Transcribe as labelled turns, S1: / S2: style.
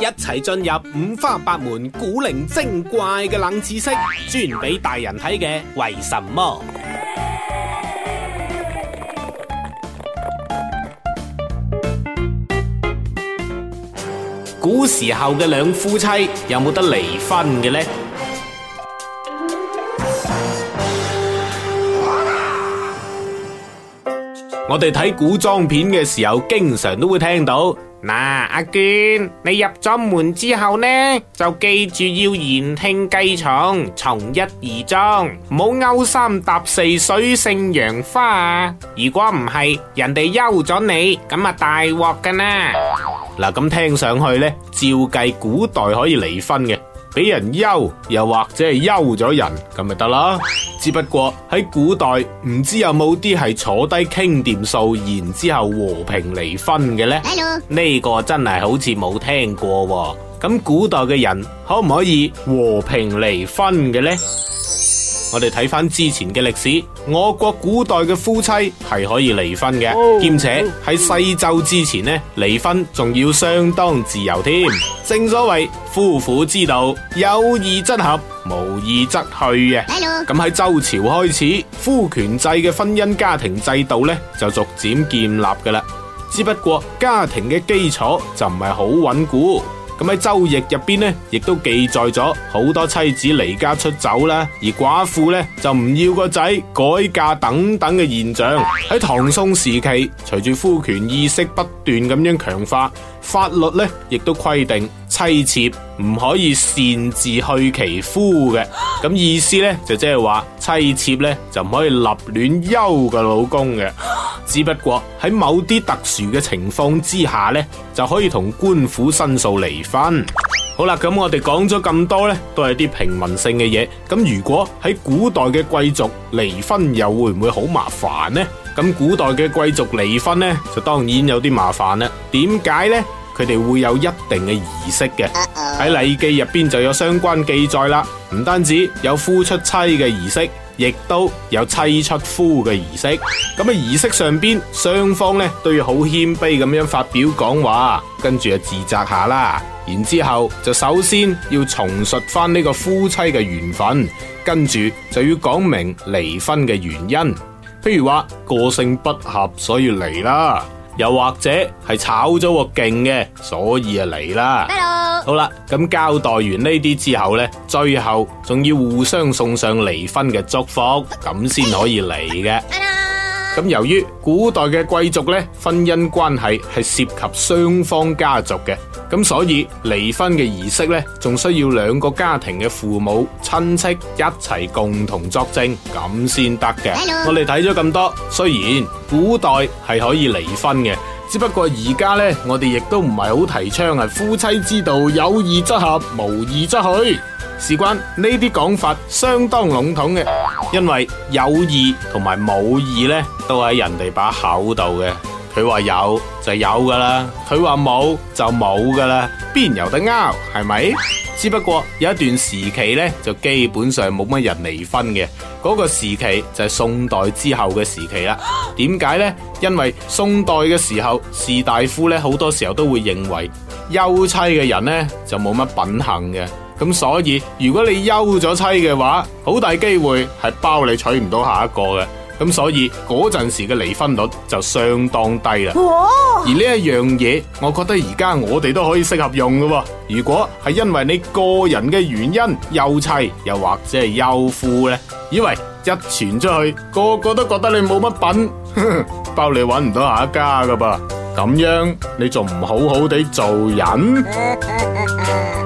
S1: 一齊進入五花八門古靈精怪嘅冷知識，專俾大人睇嘅。為什麼？古時候嘅兩夫妻有冇得離婚嘅呢？ 我哋睇古裝片嘅時候，經常都會聽到。嗱，阿娟，你入咗門之後呢，就記住要言聽計從，從一而終，唔好勾三搭四、水性楊花，啊。如果唔係，人哋休咗你，咁啊大鑊㗎啦！嗱，咁聽上去呢，照計古代可以離婚嘅。俾人休，又或者係休咗人，咁咪得啦。只不過喺古代唔知有冇啲係坐低傾掂數，然之後和平離婚嘅呢？呢 Hello. 個真係好似冇聽過，哦。咁古代嘅人可唔可以和平離婚嘅呢？我哋睇翻之前嘅歷史，我國古代嘅夫妻係可以離婚嘅，兼、oh. 且喺西周之前呢，離婚仲要相當自由添。正所謂夫婦之道，有義則合，無義則去啊。咁喺 Hello. 周朝開始，夫權制嘅婚姻家庭制度呢，就逐漸建立噶啦。只不過家庭嘅基礎就唔係好穩固。咁喺《周易》入邊咧，亦都記載咗好多妻子離家出走啦，而寡婦咧就唔要個仔改嫁等等嘅現象。喺唐宋時期，隨住夫權意識不斷咁樣強化，法律咧亦都規定妻妾唔可以擅自去其夫嘅。咁意思咧就即係話，妻妾咧就唔可以立亂休個老公嘅。只不過喺某啲特殊嘅情況之下呢，就可以同官府申訴離婚。好啦，咁我哋講咗咁多呢，都係啲平民性嘅嘢。咁如果喺古代嘅貴族離婚，又會唔會好麻煩呢？咁古代嘅貴族離婚呢，就當然有啲麻煩啦。點解呢？佢哋會有一定嘅儀式嘅。喺禮記入邊就有相關記載啦。唔單止有夫出妻嘅儀式。亦都有妻出夫嘅儀式，咁啊儀式上邊雙方咧，都要好謙卑咁樣發表講話，跟住啊自責下啦，然之後就首先要重述翻呢個夫妻嘅緣分，跟住就要講明離婚嘅原因，譬如話個性不合所以離啦，又或者係炒咗個勁嘅，所以啊嚟啦。好啦，咁交代完呢啲之後咧，最後仲要互相送上離婚嘅祝福，咁先可以離嘅。咁、啊、由於古代嘅貴族咧，婚姻關係係涉及雙方家族嘅，咁所以離婚嘅儀式咧，仲需要兩個家庭嘅父母親戚一齊共同作證，咁先得嘅。啊、我哋睇咗咁多，雖然古代係可以離婚嘅。只不過而家呢，我哋亦都唔係好提倡係夫妻之道，有義則合，無義則去。事關呢啲講法相當籠統嘅，因為有義同埋冇義呢，都喺人哋把口度嘅。佢話有就有噶啦，佢話冇就冇噶啦，邊由得拗，係咪？只不過有一段時期咧，就基本上冇乜人離婚嘅，嗰個時期就係宋代之後嘅時期啦。點解呢？因為宋代嘅時候士大夫咧，好多時候都會認為休妻嘅人咧，就冇乜品行嘅。咁所以如果你休咗妻嘅話，好大機會係包你娶唔到下一個嘅。咁所以嗰陣時嘅離婚率就相當低啦。哇而呢一樣嘢，我覺得而家我哋都可以適合用噶喎。如果係因為你個人嘅原因休妻，又或者係休夫呢，以為一傳出去，個個都覺得你冇乜品呵呵，包你揾唔到下一家噶噃。咁樣你仲唔好好地做人？嗯嗯嗯。